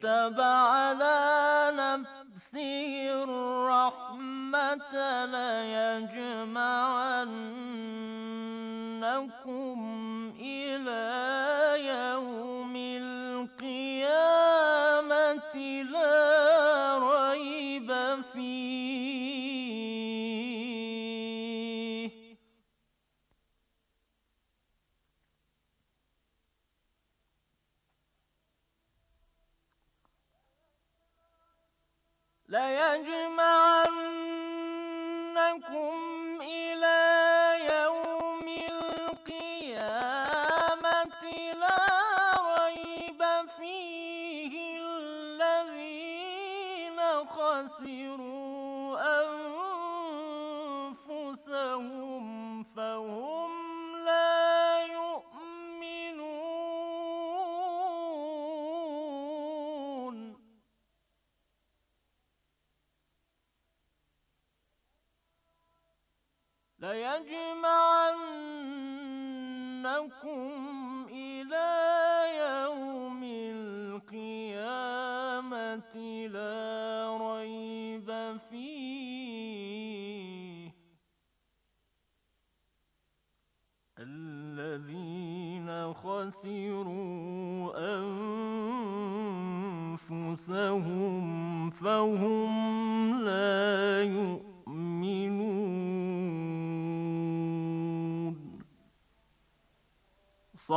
كتب على نفسه الرحمة ليجمعنكم إلى يوم ليجمع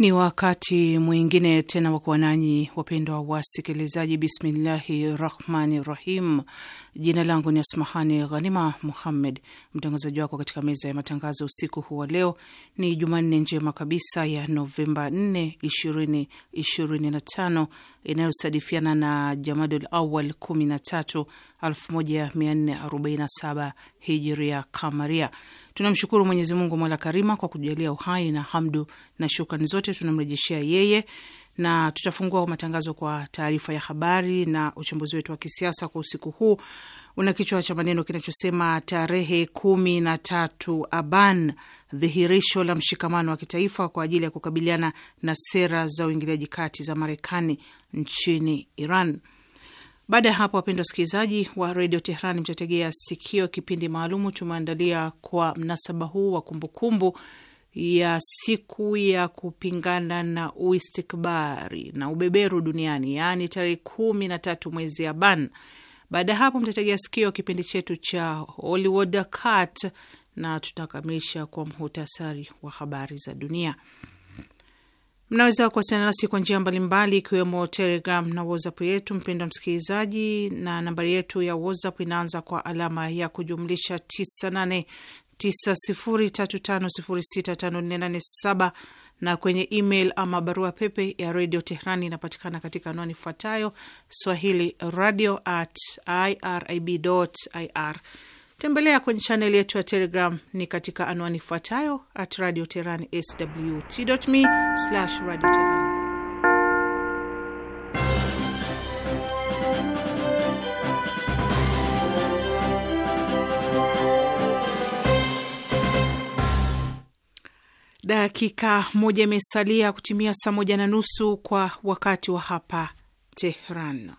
Ni wakati mwingine tena wa kuwa nanyi wapendwa wasikilizaji. Bismillahi rahmani rahim. Jina langu ni Asmahani Ghanima Muhammed, mtangazaji wako katika meza ya matangazo usiku huu wa leo. Ni Jumanne njema kabisa ya Novemba 4 2025 inayosadifiana na Jamadul Awal 13 1447 Hijria Kamaria. Tunamshukuru Mwenyezi Mungu mola karima kwa kujalia uhai na hamdu na shukrani zote tunamrejeshea yeye, na tutafungua matangazo kwa taarifa ya habari na uchambuzi wetu wa kisiasa kwa usiku huu una kichwa cha maneno kinachosema tarehe kumi na tatu Aban, dhihirisho la mshikamano wa kitaifa kwa ajili ya kukabiliana na sera za uingiliaji kati za Marekani nchini Iran. Baada ya hapo, wapendwa wasikilizaji wa redio Tehran, mtategea sikio kipindi maalumu tumeandalia kwa mnasaba huu wa kumbukumbu ya siku ya kupingana na uistikbari na ubeberu duniani, yaani tarehe kumi na tatu mwezi ya ban Baada ya hapo, mtategea sikio kipindi chetu cha Hollywood Cut na tutakamilisha kwa mhutasari wa habari za dunia. Mnaweza kuwasiliana nasi kwa njia mbalimbali, ikiwemo Telegram na WhatsApp yetu, mpendwa msikilizaji, na nambari yetu ya WhatsApp inaanza kwa alama ya kujumlisha 989035065487 na kwenye email ama barua pepe ya redio Tehrani inapatikana katika anwani ifuatayo swahili radio at irib ir tembelea kwenye chaneli yetu ya Telegram ni katika anwani ifuatayo at Radio Teran swt.me slash Radio Dakika moja imesalia kutimia saa moja na nusu kwa wakati wa hapa Tehran.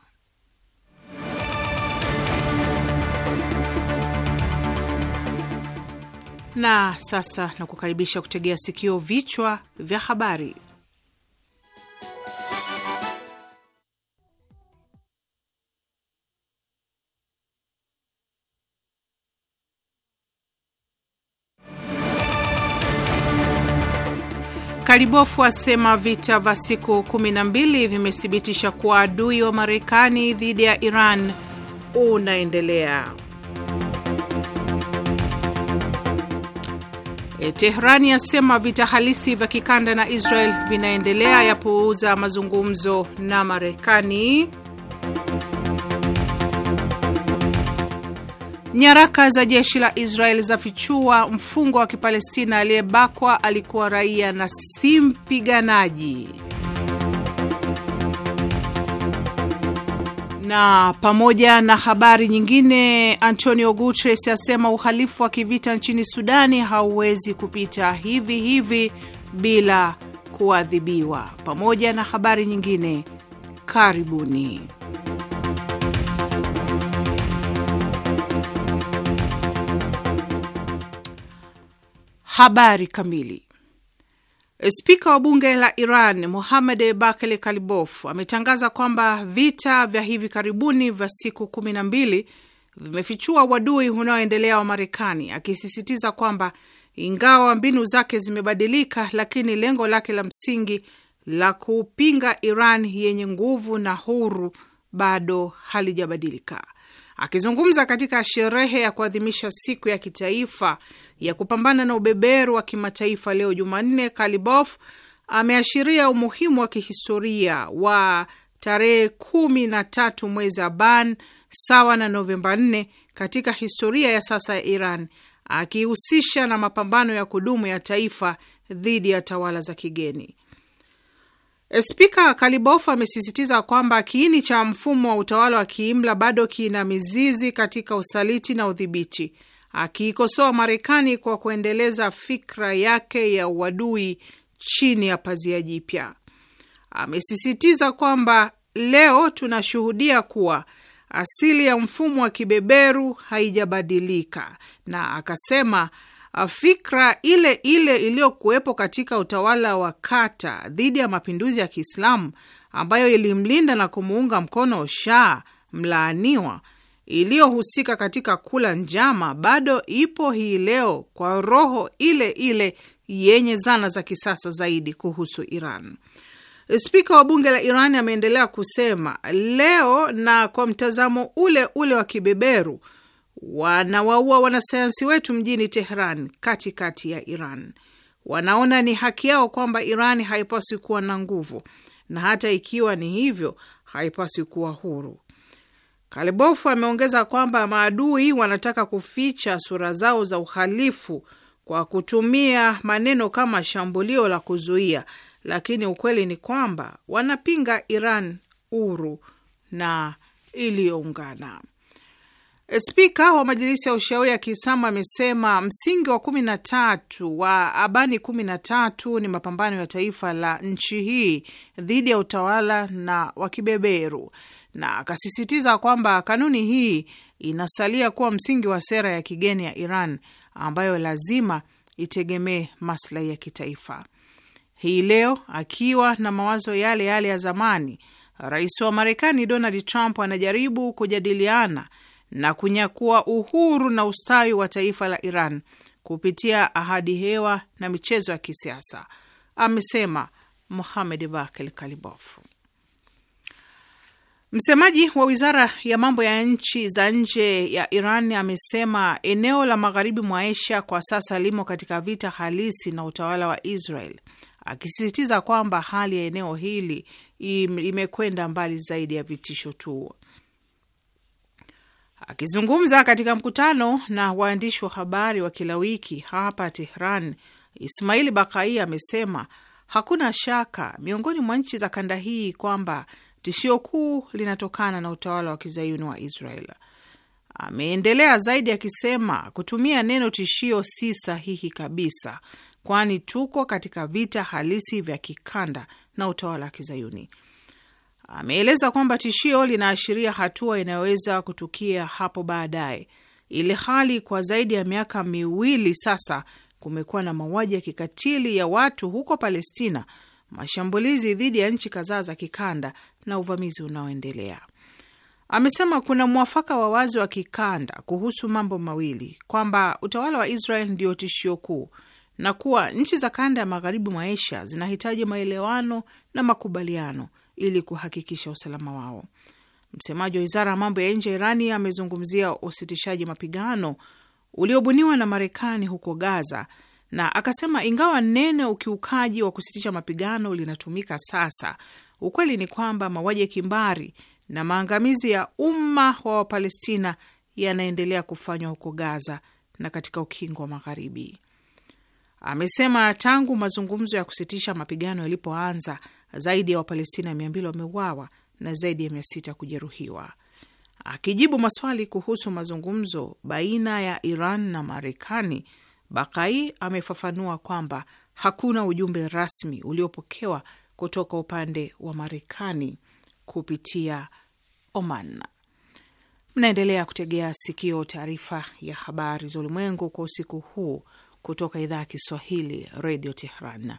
Na sasa na kukaribisha kutegea sikio vichwa vya habari. Karibofu asema vita vya siku 12 vimethibitisha kuwa adui wa Marekani dhidi ya Iran unaendelea. E, tehrani yasema vita halisi vya kikanda na Israel vinaendelea, yapuuza mazungumzo na Marekani. Nyaraka za jeshi la Israel zafichua mfungwa wa Kipalestina aliyebakwa alikuwa raia na si mpiganaji. na pamoja na habari nyingine, Antonio Guterres asema uhalifu wa kivita nchini Sudani hauwezi kupita hivi hivi bila kuadhibiwa, pamoja na habari nyingine. Karibuni. Habari kamili. Eh, spika wa bunge la Iran muhamed Bakel Kalibof ametangaza kwamba vita vya hivi karibuni vya siku kumi na mbili vimefichua uadui unaoendelea wa Marekani, akisisitiza kwamba ingawa mbinu zake zimebadilika, lakini lengo lake la msingi la kupinga Iran yenye nguvu na huru bado halijabadilika. Akizungumza katika sherehe ya kuadhimisha siku ya kitaifa ya kupambana na ubeberu wa kimataifa leo Jumanne, Kalibof ameashiria umuhimu wa kihistoria wa tarehe kumi na tatu mwezi Aban sawa na Novemba nne katika historia ya sasa ya Iran, akihusisha na mapambano ya kudumu ya taifa dhidi ya tawala za kigeni. Spika Kalibof amesisitiza kwamba kiini cha mfumo wa utawala wa kiimla bado kina mizizi katika usaliti na udhibiti, akiikosoa Marekani kwa kuendeleza fikra yake ya uadui chini ya pazia jipya. Amesisitiza kwamba leo tunashuhudia kuwa asili ya mfumo wa kibeberu haijabadilika, na akasema Uh, fikra ile ile iliyokuwepo katika utawala wa kata dhidi ya mapinduzi ya Kiislamu ambayo ilimlinda na kumuunga mkono Shah mlaaniwa iliyohusika katika kula njama bado ipo hii leo kwa roho ile ile yenye zana za kisasa zaidi kuhusu Iran. Spika wa bunge la Iran ameendelea kusema leo, na kwa mtazamo ule ule wa kibeberu wanawaua wanasayansi wetu mjini Tehran, katikati ya Iran. Wanaona ni haki yao kwamba Iran haipaswi kuwa na nguvu, na hata ikiwa ni hivyo, haipaswi kuwa huru. Kalibofu ameongeza kwamba maadui wanataka kuficha sura zao za uhalifu kwa kutumia maneno kama shambulio la kuzuia, lakini ukweli ni kwamba wanapinga Iran huru na iliyoungana. Eh, spika wa Majilisi ya Ushauri ya Kiislamu amesema msingi wa kumi na tatu wa abani kumi na tatu ni mapambano ya taifa la nchi hii dhidi ya utawala na wakibeberu na akasisitiza kwamba kanuni hii inasalia kuwa msingi wa sera ya kigeni ya Iran ambayo lazima itegemee maslahi ya kitaifa. Hii leo akiwa na mawazo yale yale ya zamani, rais wa Marekani Donald Trump anajaribu kujadiliana na kunyakua uhuru na ustawi wa taifa la Iran kupitia ahadi hewa na michezo ya kisiasa, amesema Mohamed Bakel Kalibof. Msemaji wa wizara ya mambo ya nchi za nje ya Iran amesema eneo la magharibi mwa Asia kwa sasa limo katika vita halisi na utawala wa Israel, akisisitiza kwamba hali ya eneo hili imekwenda mbali zaidi ya vitisho tu. Akizungumza katika mkutano na waandishi wa habari wa kila wiki hapa Tehran, Ismaili Bakai amesema hakuna shaka miongoni mwa nchi za kanda hii kwamba tishio kuu linatokana na utawala wa kizayuni wa Israel. Ameendelea zaidi akisema kutumia neno tishio si sahihi kabisa, kwani tuko katika vita halisi vya kikanda na utawala wa kizayuni ameeleza kwamba tishio linaashiria hatua inayoweza kutukia hapo baadaye, ili hali kwa zaidi ya miaka miwili sasa kumekuwa na mauaji ya kikatili ya watu huko Palestina, mashambulizi dhidi ya nchi kadhaa za kikanda na uvamizi unaoendelea. Amesema kuna mwafaka wa wazi wa kikanda kuhusu mambo mawili, kwamba utawala wa Israel ndio tishio kuu na kuwa nchi za kanda ya magharibi mwa Asia zinahitaji maelewano na makubaliano ili kuhakikisha usalama wao. Msemaji wa wizara ya mambo ya nje ya Irani amezungumzia usitishaji mapigano uliobuniwa na Marekani huko Gaza na akasema ingawa neno ukiukaji wa kusitisha mapigano linatumika sasa, ukweli ni kwamba mauaji ya kimbari na maangamizi ya umma wa Wapalestina yanaendelea kufanywa huko Gaza na katika ukingo wa Magharibi. Amesema tangu mazungumzo ya kusitisha mapigano yalipoanza zaidi ya Wapalestina mbili wameuawa na zaidi ya sita kujeruhiwa. Akijibu maswali kuhusu mazungumzo baina ya Iran na Marekani, Bakai amefafanua kwamba hakuna ujumbe rasmi uliopokewa kutoka upande wa Marekani kupitia Oman. Mnaendelea kutegea sikio taarifa ya habari za ulimwengu kwa usiku huu kutoka idhaa ya Kiswahili, Redio Tehran.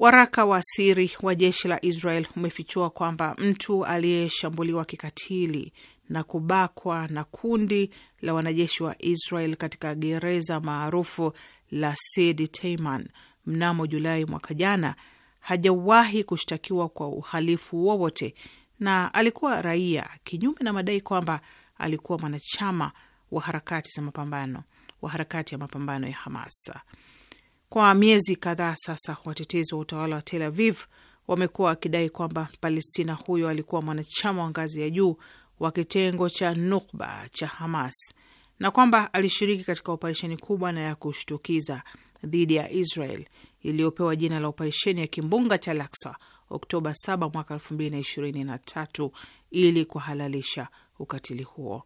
Waraka wa siri wa jeshi la Israel umefichua kwamba mtu aliyeshambuliwa kikatili na kubakwa na kundi la wanajeshi wa Israel katika gereza maarufu la Sidi Taiman mnamo Julai mwaka jana hajawahi kushtakiwa kwa uhalifu wowote na alikuwa raia, kinyume na madai kwamba alikuwa mwanachama wa harakati za mapambano wa harakati ya mapambano ya Hamasa. Kwa miezi kadhaa sasa, watetezi wa utawala wa Tel Aviv wamekuwa wakidai kwamba Palestina huyo alikuwa mwanachama wa ngazi ya juu wa kitengo cha Nukba cha Hamas na kwamba alishiriki katika operesheni kubwa na ya kushtukiza dhidi ya Israel iliyopewa jina la operesheni ya Kimbunga cha Laksa Oktoba 7 mwaka 2023 ili kuhalalisha ukatili huo.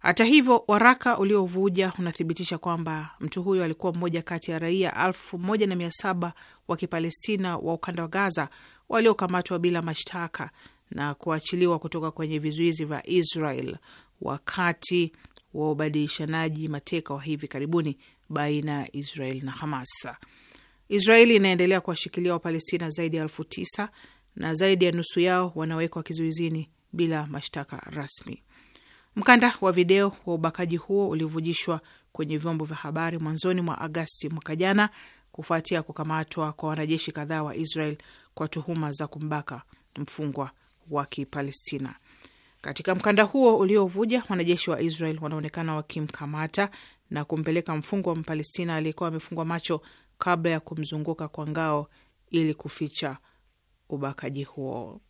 Hata hivyo, waraka uliovuja unathibitisha kwamba mtu huyo alikuwa mmoja kati ya raia elfu moja na mia saba wa Kipalestina wa ukanda wa Gaza waliokamatwa bila mashtaka na kuachiliwa kutoka kwenye vizuizi vya Israel wakati wa ubadilishanaji mateka wa hivi karibuni baina ya Israel na Hamas. Israeli inaendelea kuwashikilia Wapalestina zaidi ya elfu tisa na zaidi ya nusu yao wanawekwa kizuizini bila mashtaka rasmi. Mkanda wa video wa ubakaji huo ulivujishwa kwenye vyombo vya habari mwanzoni mwa Agasti mwaka jana kufuatia kukamatwa kwa wanajeshi kadhaa wa Israel kwa tuhuma za kumbaka mfungwa wa Kipalestina. Katika mkanda huo uliovuja, wanajeshi wa Israel wanaonekana wakimkamata na kumpeleka mfungwa wa Mpalestina aliyekuwa amefungwa macho kabla ya kumzunguka kwa ngao ili kuficha ubakaji huo.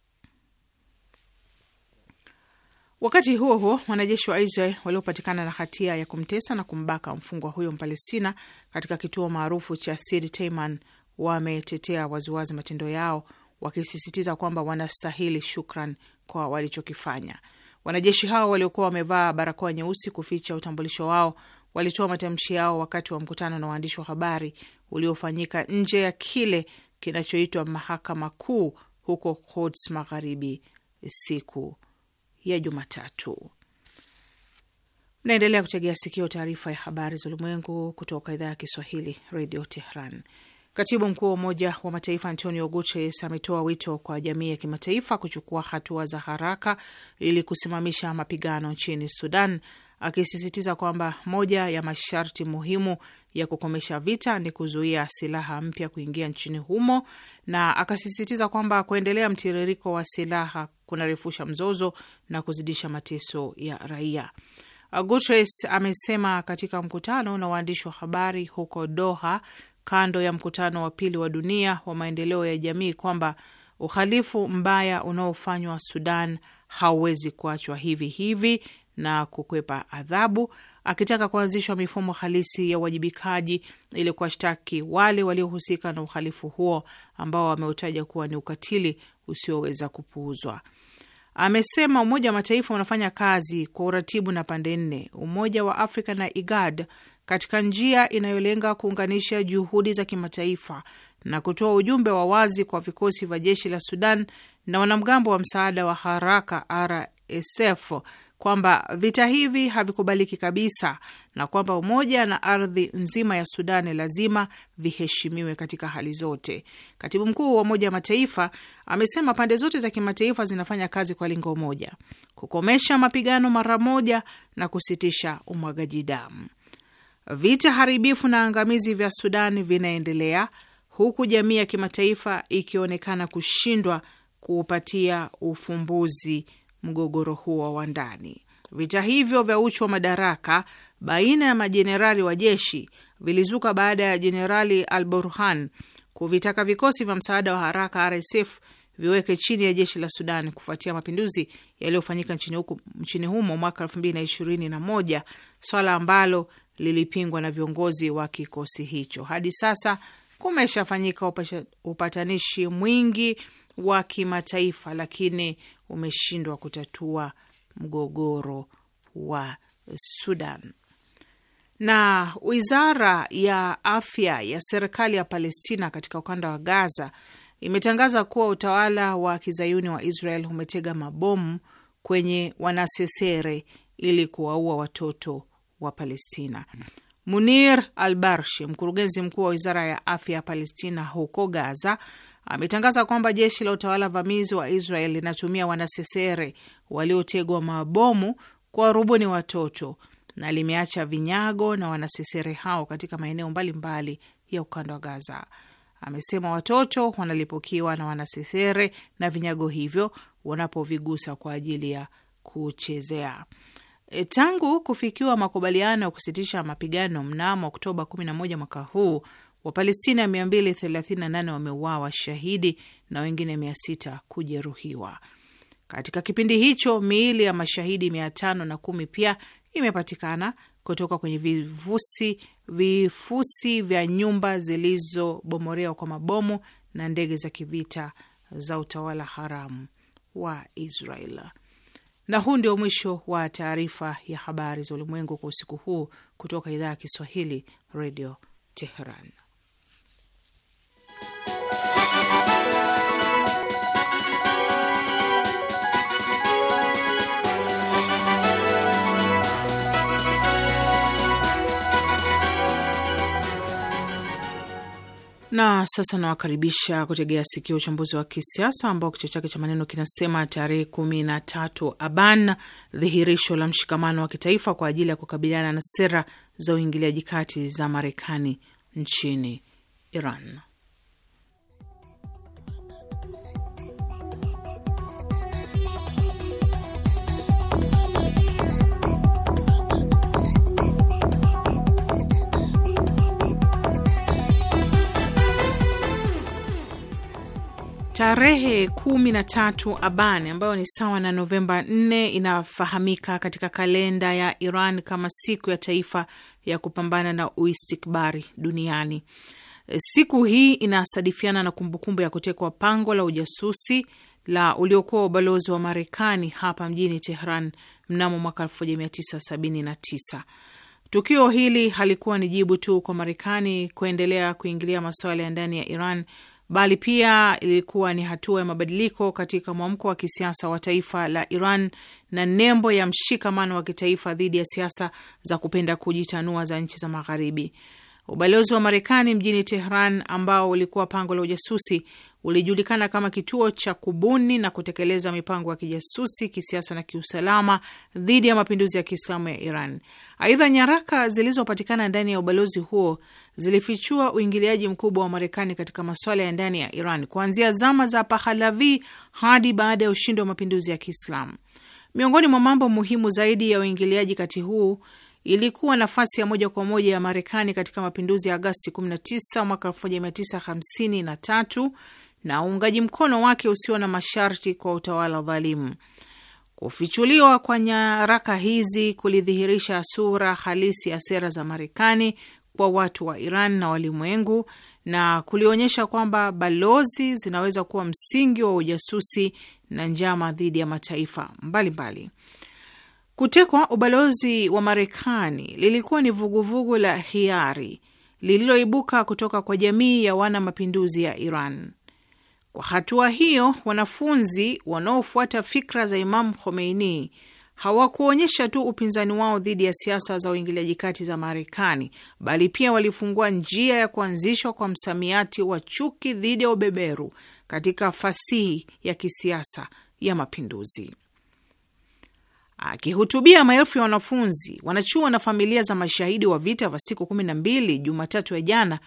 Wakati huo huo, wanajeshi wa Israel waliopatikana na hatia ya kumtesa na kumbaka mfungwa huyo Mpalestina katika kituo maarufu cha Sid Teiman wametetea waziwazi matendo yao, wakisisitiza kwamba wanastahili shukran kwa walichokifanya. Wanajeshi hao waliokuwa wamevaa barakoa nyeusi kuficha utambulisho wao walitoa matamshi yao wakati wa mkutano na waandishi wa habari uliofanyika nje ya kile kinachoitwa mahakama kuu huko Quds Magharibi siku ya Jumatatu. Mnaendelea kutegea sikio taarifa ya habari za ulimwengu kutoka idhaa ya Kiswahili, Redio Tehran. Katibu mkuu wa Umoja wa Mataifa Antonio Guterres ametoa wito kwa jamii ya kimataifa kuchukua hatua za haraka ili kusimamisha mapigano nchini Sudan, akisisitiza kwamba moja ya masharti muhimu ya kukomesha vita ni kuzuia silaha mpya kuingia nchini humo, na akasisitiza kwamba kuendelea mtiririko wa silaha kunarefusha mzozo na kuzidisha mateso ya raia. Guterres amesema katika mkutano na waandishi wa habari huko Doha, kando ya mkutano wa pili wa dunia wa maendeleo ya jamii, kwamba uhalifu mbaya unaofanywa Sudan hauwezi kuachwa hivi hivi na kukwepa adhabu akitaka kuanzishwa mifumo halisi ya uwajibikaji ili kuwashtaki wale waliohusika na uhalifu huo ambao wameutaja kuwa ni ukatili usioweza kupuuzwa. Amesema Umoja wa Mataifa unafanya kazi kwa uratibu na pande nne, Umoja wa Afrika na IGAD katika njia inayolenga kuunganisha juhudi za kimataifa na kutoa ujumbe wa wazi kwa vikosi vya jeshi la Sudan na wanamgambo wa msaada wa haraka RSF kwamba vita hivi havikubaliki kabisa na kwamba umoja na ardhi nzima ya Sudani lazima viheshimiwe katika hali zote. Katibu mkuu wa Umoja wa Mataifa amesema pande zote za kimataifa zinafanya kazi kwa lengo moja, kukomesha mapigano mara moja na kusitisha umwagaji damu. Vita haribifu na angamizi vya Sudani vinaendelea huku jamii ya kimataifa ikionekana kushindwa kuupatia ufumbuzi mgogoro huo wa ndani. Vita hivyo vya uchu wa madaraka baina ya majenerali wa jeshi vilizuka baada ya Jenerali Al Burhan kuvitaka vikosi vya msaada wa haraka RSF viweke chini ya jeshi la Sudan kufuatia mapinduzi yaliyofanyika nchini, nchini humo mwaka elfu mbili na ishirini na moja, swala ambalo lilipingwa na viongozi wa kikosi hicho. Hadi sasa kumeshafanyika upatanishi mwingi wa kimataifa, lakini umeshindwa kutatua mgogoro wa Sudan. Na wizara ya afya ya serikali ya Palestina katika ukanda wa Gaza imetangaza kuwa utawala wa kizayuni wa Israel umetega mabomu kwenye wanasesere ili kuwaua watoto wa Palestina. Munir Al Barshi, mkurugenzi mkuu wa wizara ya afya ya Palestina huko Gaza, ametangaza kwamba jeshi la utawala vamizi wa Israel linatumia wanasesere waliotegwa mabomu kwa rubuni watoto na limeacha vinyago na wanasesere hao katika maeneo mbalimbali ya ukanda wa Gaza. Amesema watoto wanalipukiwa na wanasesere na vinyago hivyo wanapovigusa kwa ajili ya kuchezea. E, tangu kufikiwa makubaliano ya kusitisha mapigano mnamo Oktoba 11 mwaka huu Wapalestina 238 wameuawa shahidi na wengine 600 kujeruhiwa. Katika kipindi hicho miili ya mashahidi 510 pia imepatikana kutoka kwenye vifusi, vifusi vya nyumba zilizobomorewa kwa mabomu na ndege za kivita za utawala haramu wa Israel. Na huu ndio mwisho wa taarifa ya habari za ulimwengu kwa usiku huu kutoka idhaa ya Kiswahili, Radio Teheran. Na sasa nawakaribisha kutegea sikio uchambuzi wa kisiasa ambao kichwa chake cha maneno kinasema tarehe kumi na tatu Aban, dhihirisho la mshikamano wa kitaifa kwa ajili ya kukabiliana na sera za uingiliaji kati za Marekani nchini Iran. Tarehe kumi na tatu Aban ambayo ni sawa na Novemba 4 inafahamika katika kalenda ya Iran kama siku ya taifa ya kupambana na uistikbari duniani. Siku hii inasadifiana na kumbukumbu ya kutekwa pango la ujasusi la uliokuwa ubalozi wa Marekani hapa mjini Tehran mnamo mwaka 1979. Tukio hili halikuwa ni jibu tu kwa Marekani kuendelea kuingilia masuala ya ndani ya Iran bali pia ilikuwa ni hatua ya mabadiliko katika mwamko wa kisiasa wa taifa la Iran na nembo ya mshikamano wa kitaifa dhidi ya siasa za kupenda kujitanua za nchi za Magharibi. Ubalozi wa Marekani mjini Tehran, ambao ulikuwa pango la ujasusi, ulijulikana kama kituo cha kubuni na kutekeleza mipango ya kijasusi, kisiasa na kiusalama dhidi ya mapinduzi ya Kiislamu ya Iran. Aidha, nyaraka zilizopatikana ndani ya ubalozi huo zilifichua uingiliaji mkubwa wa Marekani katika masuala ya ndani ya Iran kuanzia zama za Pahalavi hadi baada ya ushindi wa mapinduzi ya Kiislamu. Miongoni mwa mambo muhimu zaidi ya uingiliaji kati huu ilikuwa nafasi ya moja kwa moja ya Marekani katika mapinduzi ya Agasti 19 mwaka 1953 na uungaji mkono wake usio na masharti kwa utawala dhalimu. Kufichuliwa kwa nyaraka hizi kulidhihirisha sura halisi ya sera za Marekani wa watu wa Iran na walimwengu na kulionyesha kwamba balozi zinaweza kuwa msingi wa ujasusi na njama dhidi ya mataifa mbalimbali. Kutekwa ubalozi wa Marekani lilikuwa ni vuguvugu la hiari lililoibuka kutoka kwa jamii ya wana mapinduzi ya Iran. Kwa hatua hiyo, wanafunzi wanaofuata fikra za Imam Khomeini hawakuonyesha tu upinzani wao dhidi ya siasa za uingiliaji kati za Marekani, bali pia walifungua njia ya kuanzishwa kwa msamiati wa chuki dhidi ya ubeberu katika fasihi ya kisiasa ya mapinduzi. Akihutubia maelfu ya wanafunzi, wanachuo na familia za mashahidi wa vita vya siku kumi na mbili Jumatatu ya jana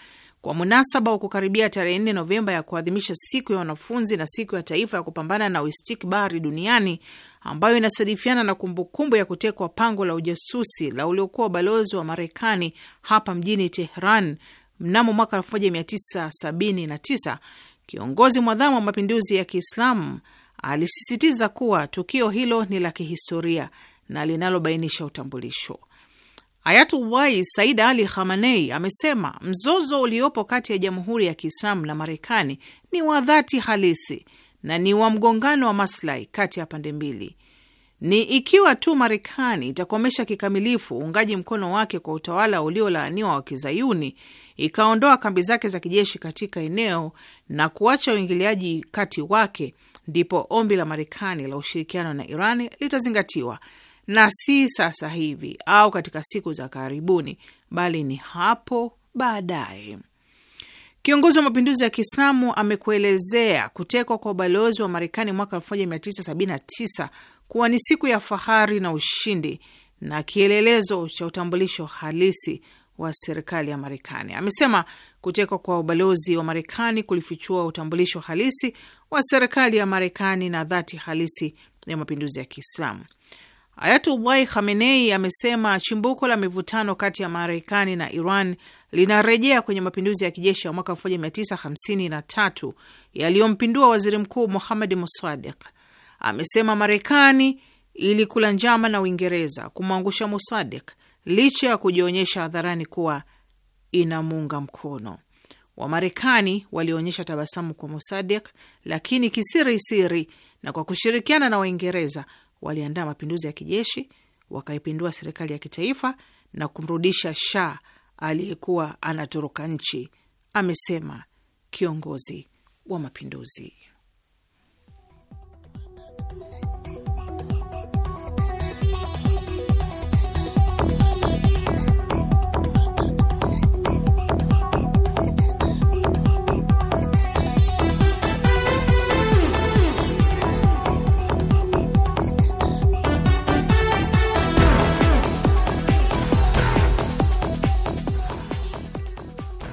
kwa munasaba wa kukaribia tarehe 4 Novemba ya kuadhimisha siku ya wanafunzi na siku ya taifa ya kupambana na uistikbari duniani, ambayo inasadifiana na kumbukumbu ya kutekwa pango la ujasusi la uliokuwa balozi wa Marekani hapa mjini Tehran mnamo mwaka 1979, kiongozi mwadhamu wa mapinduzi ya Kiislamu alisisitiza kuwa tukio hilo ni la kihistoria na linalobainisha utambulisho. Ayatullah Said Ali Khamenei amesema mzozo uliopo kati ya Jamhuri ya Kiislamu na Marekani ni wa dhati halisi na ni wa mgongano wa maslahi kati ya pande mbili ni ikiwa tu Marekani itakomesha kikamilifu uungaji mkono wake kwa utawala uliolaaniwa wa Kizayuni, ikaondoa kambi zake za kijeshi katika eneo na kuacha uingiliaji kati wake, ndipo ombi la Marekani la ushirikiano na Iran litazingatiwa, na si sasa hivi au katika siku za karibuni, bali ni hapo baadaye. Kiongozi wa mapinduzi ya Kiislamu amekuelezea kutekwa kwa ubalozi wa Marekani mwaka 1979 kuwa ni siku ya fahari na ushindi na kielelezo cha utambulisho halisi wa serikali ya Marekani. Amesema kutekwa kwa ubalozi wa Marekani kulifichua utambulisho halisi wa serikali ya Marekani na dhati halisi ya mapinduzi ya Kiislamu. Ayatullah Khamenei amesema chimbuko la mivutano kati ya Marekani na Iran linarejea kwenye mapinduzi ya kijeshi ya mwaka 1953 yaliyompindua waziri mkuu Muhamed musadiq amesema Marekani ilikula njama na Uingereza kumwangusha musadiq licha ya kujionyesha hadharani kuwa inamuunga mkono. Wamarekani walionyesha tabasamu kwa musadiq lakini kisirisiri siri na kwa kushirikiana na Waingereza waliandaa mapinduzi ya kijeshi, wakaipindua serikali ya kitaifa na kumrudisha Shah aliyekuwa anatoroka nchi, amesema kiongozi wa mapinduzi.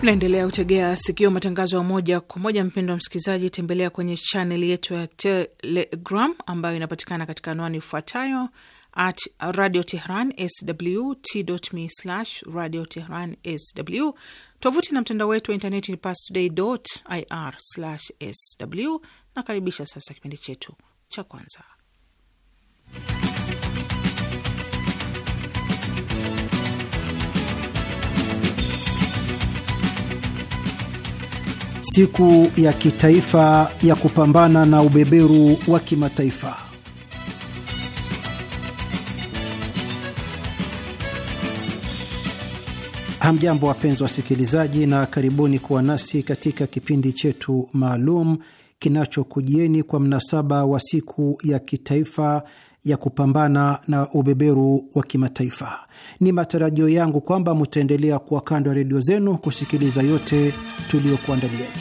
Naendelea kutegea sikio matangazo ya moja kwa moja. Mpendo wa msikilizaji, tembelea kwenye chaneli yetu ya Telegram ambayo inapatikana katika anwani ifuatayo at Radio Tehran sw t.me slash Radio Tehran sw. Tovuti na mtandao wetu wa intaneti ni pastoday.ir slash sw. Nakaribisha sasa kipindi chetu cha kwanza siku ya kitaifa ya kupambana na ubeberu wa kimataifa. Hamjambo, wapenzi wasikilizaji, na karibuni kuwa nasi katika kipindi chetu maalum kinachokujieni kwa mnasaba wa siku ya kitaifa ya kupambana na ubeberu wa kimataifa. Ni matarajio yangu kwamba mutaendelea kuwa kando ya redio zenu kusikiliza yote tuliyokuandalieni.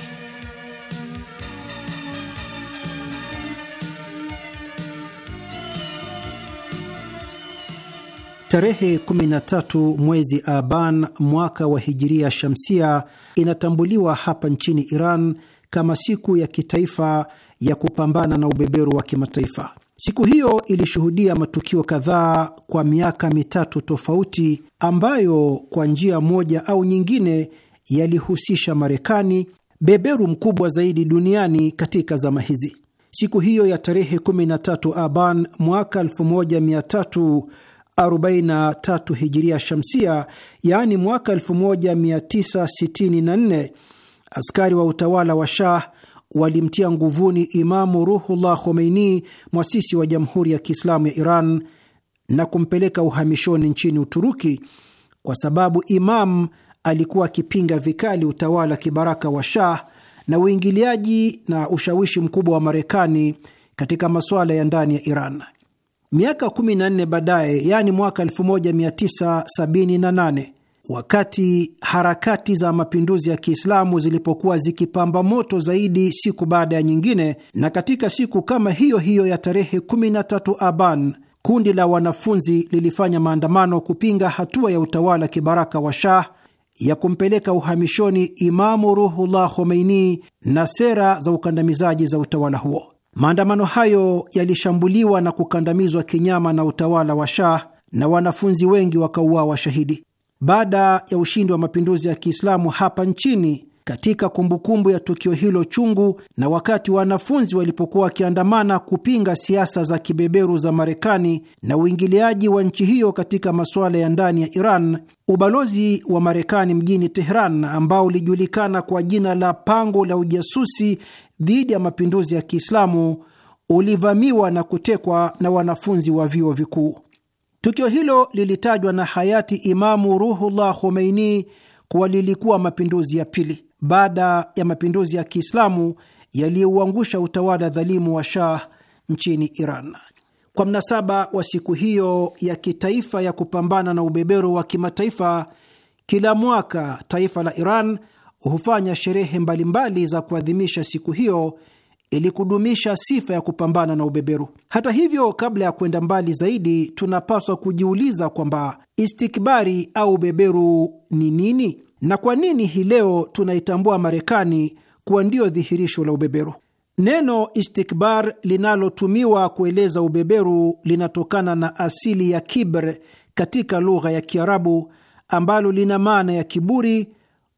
Tarehe 13 mwezi Aban mwaka wa hijiria shamsia inatambuliwa hapa nchini Iran kama siku ya kitaifa ya kupambana na ubeberu wa kimataifa. Siku hiyo ilishuhudia matukio kadhaa kwa miaka mitatu tofauti ambayo kwa njia moja au nyingine yalihusisha Marekani, beberu mkubwa zaidi duniani katika zama hizi. Siku hiyo ya tarehe 13 Aban mwaka 1343 hijiria shamsia, yaani mwaka 1964, askari wa utawala wa Shah walimtia nguvuni Imamu Ruhullah Khomeini, mwasisi wa Jamhuri ya Kiislamu ya Iran, na kumpeleka uhamishoni nchini Uturuki kwa sababu Imam alikuwa akipinga vikali utawala kibaraka wa Shah na uingiliaji na ushawishi mkubwa wa Marekani katika masuala ya ndani ya Iran. Miaka 14 baadaye, yaani mwaka 1978, Wakati harakati za mapinduzi ya Kiislamu zilipokuwa zikipamba moto zaidi siku baada ya nyingine, na katika siku kama hiyo hiyo ya tarehe 13 Aban, kundi la wanafunzi lilifanya maandamano kupinga hatua ya utawala kibaraka wa Shah ya kumpeleka uhamishoni Imamu Ruhullah Khomeini na sera za ukandamizaji za utawala huo. Maandamano hayo yalishambuliwa na kukandamizwa kinyama na utawala wa Shah na wanafunzi wengi wakauawa shahidi baada ya ushindi wa mapinduzi ya Kiislamu hapa nchini. Katika kumbukumbu ya tukio hilo chungu na wakati wanafunzi walipokuwa wakiandamana kupinga siasa za kibeberu za Marekani na uingiliaji wa nchi hiyo katika masuala ya ndani ya Iran, ubalozi wa Marekani mjini Tehran, ambao ulijulikana kwa jina la pango la ujasusi dhidi ya mapinduzi ya Kiislamu, ulivamiwa na kutekwa na wanafunzi wa vyuo vikuu. Tukio hilo lilitajwa na hayati Imamu Ruhullah Khomeini kuwa lilikuwa mapinduzi ya pili baada ya mapinduzi ya Kiislamu yaliyouangusha utawala dhalimu wa Shah nchini Iran. Kwa mnasaba wa siku hiyo ya kitaifa ya kupambana na ubeberu wa kimataifa, kila mwaka taifa la Iran hufanya sherehe mbalimbali za kuadhimisha siku hiyo ili kudumisha sifa ya kupambana na ubeberu. Hata hivyo, kabla ya kwenda mbali zaidi, tunapaswa kujiuliza kwamba istikbari au ubeberu ni nini na kwa nini hii leo tunaitambua Marekani kuwa ndio dhihirisho la ubeberu. Neno istikbar linalotumiwa kueleza ubeberu linatokana na asili ya kibr katika lugha ya Kiarabu ambalo lina maana ya kiburi,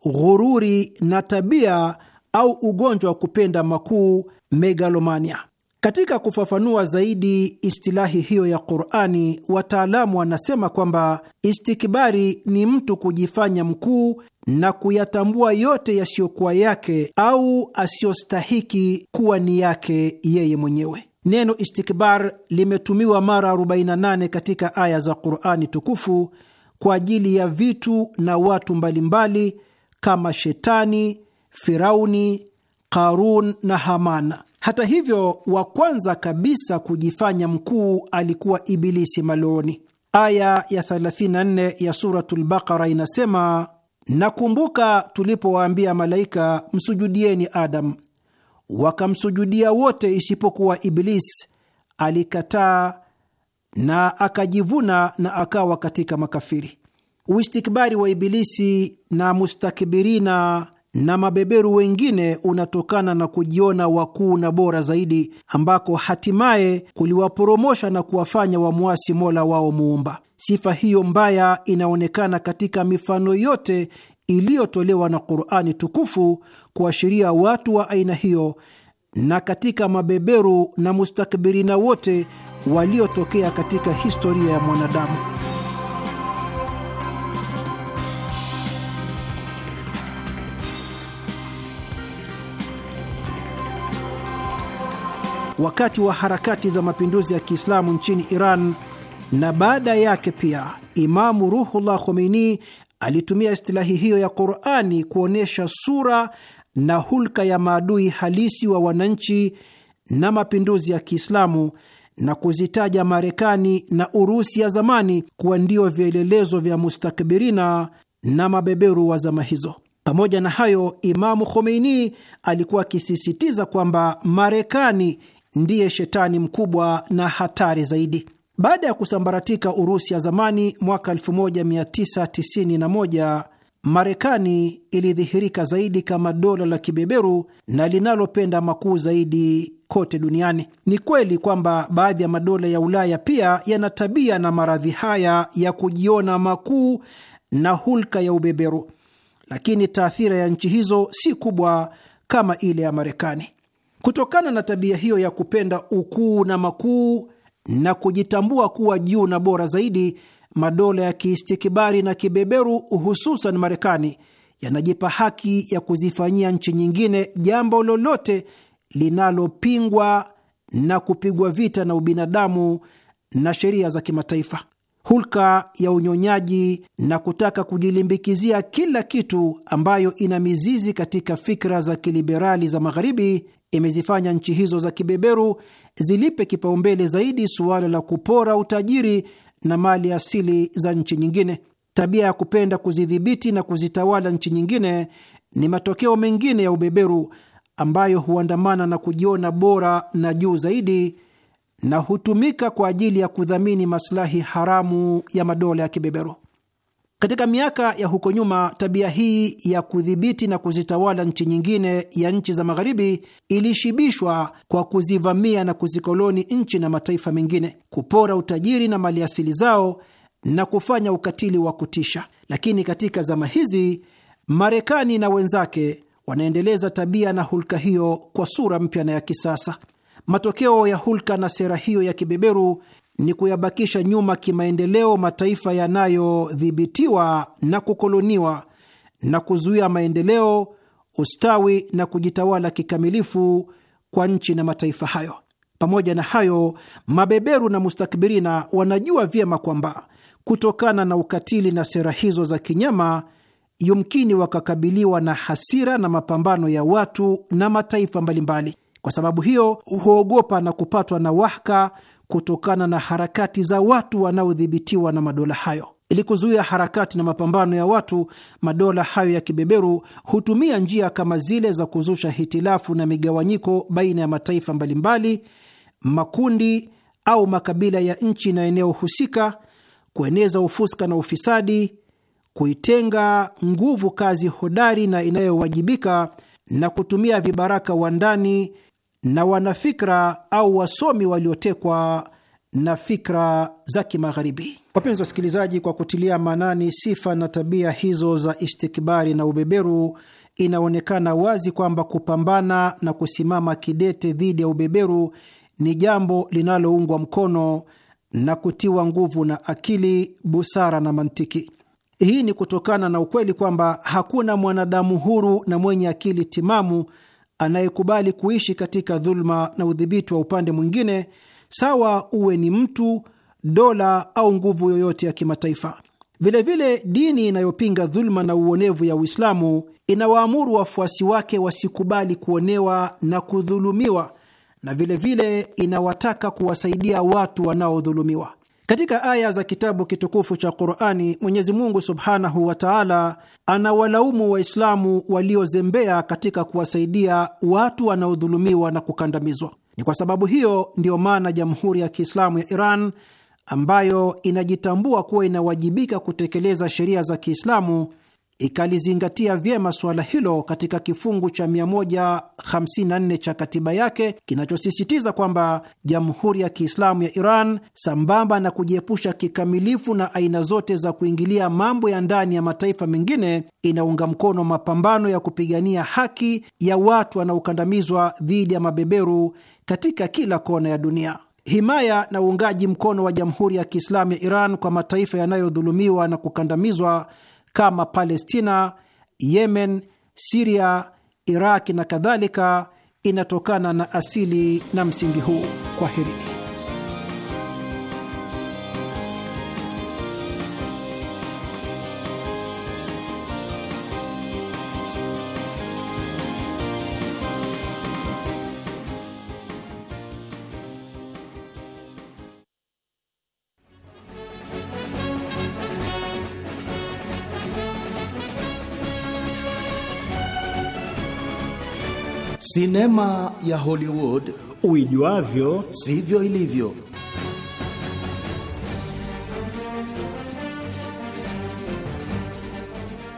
ghururi na tabia au ugonjwa wa kupenda makuu megalomania. Katika kufafanua zaidi istilahi hiyo ya Qur'ani, wataalamu wanasema kwamba istikibari ni mtu kujifanya mkuu na kuyatambua yote yasiyokuwa yake au asiyostahiki kuwa ni yake yeye mwenyewe. Neno istikbar limetumiwa mara 48 katika aya za Qur'ani tukufu kwa ajili ya vitu na watu mbalimbali kama shetani, Firauni, Karun na Haman. Hata hivyo, wa kwanza kabisa kujifanya mkuu alikuwa Ibilisi maloni. Aya ya 34 ya Suratul Baqara inasema, nakumbuka tulipowaambia malaika msujudieni Adamu, wakamsujudia wote isipokuwa Ibilisi, alikataa na akajivuna na akawa katika makafiri. Uistikbari wa Ibilisi na mustakbirina na mabeberu wengine unatokana na kujiona wakuu na bora zaidi, ambako hatimaye kuliwaporomosha na kuwafanya wamwasi Mola wao Muumba. Sifa hiyo mbaya inaonekana katika mifano yote iliyotolewa na Qur'ani tukufu kuashiria watu wa aina hiyo, na katika mabeberu na mustakbirina wote waliotokea katika historia ya mwanadamu. wakati wa harakati za mapinduzi ya Kiislamu nchini Iran na baada yake pia, Imamu Ruhullah Khomeini alitumia istilahi hiyo ya Qurani kuonyesha sura na hulka ya maadui halisi wa wananchi na mapinduzi ya Kiislamu na kuzitaja Marekani na Urusi ya zamani kuwa ndio vielelezo vya mustakbirina na mabeberu wa zama hizo. Pamoja na hayo, Imamu Khomeini alikuwa akisisitiza kwamba Marekani ndiye shetani mkubwa na hatari zaidi. Baada ya kusambaratika Urusi ya zamani mwaka 1991, Marekani ilidhihirika zaidi kama dola la kibeberu na linalopenda makuu zaidi kote duniani. Ni kweli kwamba baadhi ya madola ya Ulaya pia yana tabia na maradhi haya ya kujiona makuu na hulka ya ubeberu, lakini taathira ya nchi hizo si kubwa kama ile ya Marekani. Kutokana na tabia hiyo ya kupenda ukuu na makuu na kujitambua kuwa juu na bora zaidi, madola ya kiistikibari na kibeberu, hususan Marekani, yanajipa haki ya kuzifanyia nchi nyingine jambo lolote linalopingwa na kupigwa vita na ubinadamu na sheria za kimataifa. Hulka ya unyonyaji na kutaka kujilimbikizia kila kitu ambayo ina mizizi katika fikra za kiliberali za Magharibi imezifanya nchi hizo za kibeberu zilipe kipaumbele zaidi suala la kupora utajiri na mali asili za nchi nyingine. Tabia ya kupenda kuzidhibiti na kuzitawala nchi nyingine ni matokeo mengine ya ubeberu ambayo huandamana na kujiona bora na juu zaidi na hutumika kwa ajili ya kudhamini masilahi haramu ya madola ya kibeberu. Katika miaka ya huko nyuma, tabia hii ya kudhibiti na kuzitawala nchi nyingine ya nchi za Magharibi ilishibishwa kwa kuzivamia na kuzikoloni nchi na mataifa mengine, kupora utajiri na maliasili zao na kufanya ukatili wa kutisha. Lakini katika zama hizi, Marekani na wenzake wanaendeleza tabia na hulka hiyo kwa sura mpya na ya kisasa. Matokeo ya hulka na sera hiyo ya kibeberu ni kuyabakisha nyuma kimaendeleo mataifa yanayodhibitiwa na kukoloniwa na kuzuia maendeleo, ustawi na kujitawala kikamilifu kwa nchi na mataifa hayo. Pamoja na hayo, mabeberu na mustakbirina wanajua vyema kwamba kutokana na ukatili na sera hizo za kinyama, yumkini wakakabiliwa na hasira na mapambano ya watu na mataifa mbalimbali. Kwa sababu hiyo, huogopa na kupatwa na wahaka kutokana na harakati za watu wanaodhibitiwa na madola hayo. Ili kuzuia harakati na mapambano ya watu, madola hayo ya kibeberu hutumia njia kama zile za kuzusha hitilafu na migawanyiko baina ya mataifa mbalimbali, makundi au makabila ya nchi na eneo husika, kueneza ufuska na ufisadi, kuitenga nguvu kazi hodari na inayowajibika na kutumia vibaraka wa ndani na wanafikra au wasomi waliotekwa na fikra za Kimagharibi. Wapenzi wasikilizaji, kwa kutilia maanani sifa na tabia hizo za istikbari na ubeberu, inaonekana wazi kwamba kupambana na kusimama kidete dhidi ya ubeberu ni jambo linaloungwa mkono na kutiwa nguvu na akili, busara na mantiki. Hii ni kutokana na ukweli kwamba hakuna mwanadamu huru na mwenye akili timamu anayekubali kuishi katika dhuluma na udhibiti wa upande mwingine, sawa uwe ni mtu, dola au nguvu yoyote ya kimataifa. Vilevile, dini inayopinga dhuluma na uonevu ya Uislamu inawaamuru wafuasi wake wasikubali kuonewa na kudhulumiwa, na vilevile vile inawataka kuwasaidia watu wanaodhulumiwa. Katika aya za kitabu kitukufu cha Qurani, Mwenyezi Mungu subhanahu wa taala anawalaumu Waislamu waliozembea katika kuwasaidia watu wanaodhulumiwa na kukandamizwa. Ni kwa sababu hiyo ndiyo maana Jamhuri ya Kiislamu ya Iran ambayo inajitambua kuwa inawajibika kutekeleza sheria za Kiislamu ikalizingatia vyema suala hilo katika kifungu cha 154 cha katiba yake kinachosisitiza kwamba Jamhuri ya Kiislamu ya Iran, sambamba na kujiepusha kikamilifu na aina zote za kuingilia mambo ya ndani ya mataifa mengine, inaunga mkono mapambano ya kupigania haki ya watu wanaokandamizwa dhidi ya mabeberu katika kila kona ya dunia. Himaya na uungaji mkono wa Jamhuri ya Kiislamu ya Iran kwa mataifa yanayodhulumiwa na kukandamizwa kama Palestina, Yemen, Siria, Iraki na kadhalika inatokana na asili na msingi huu. Kwaherini. Sinema ya Hollywood uijuavyo sivyo ilivyo.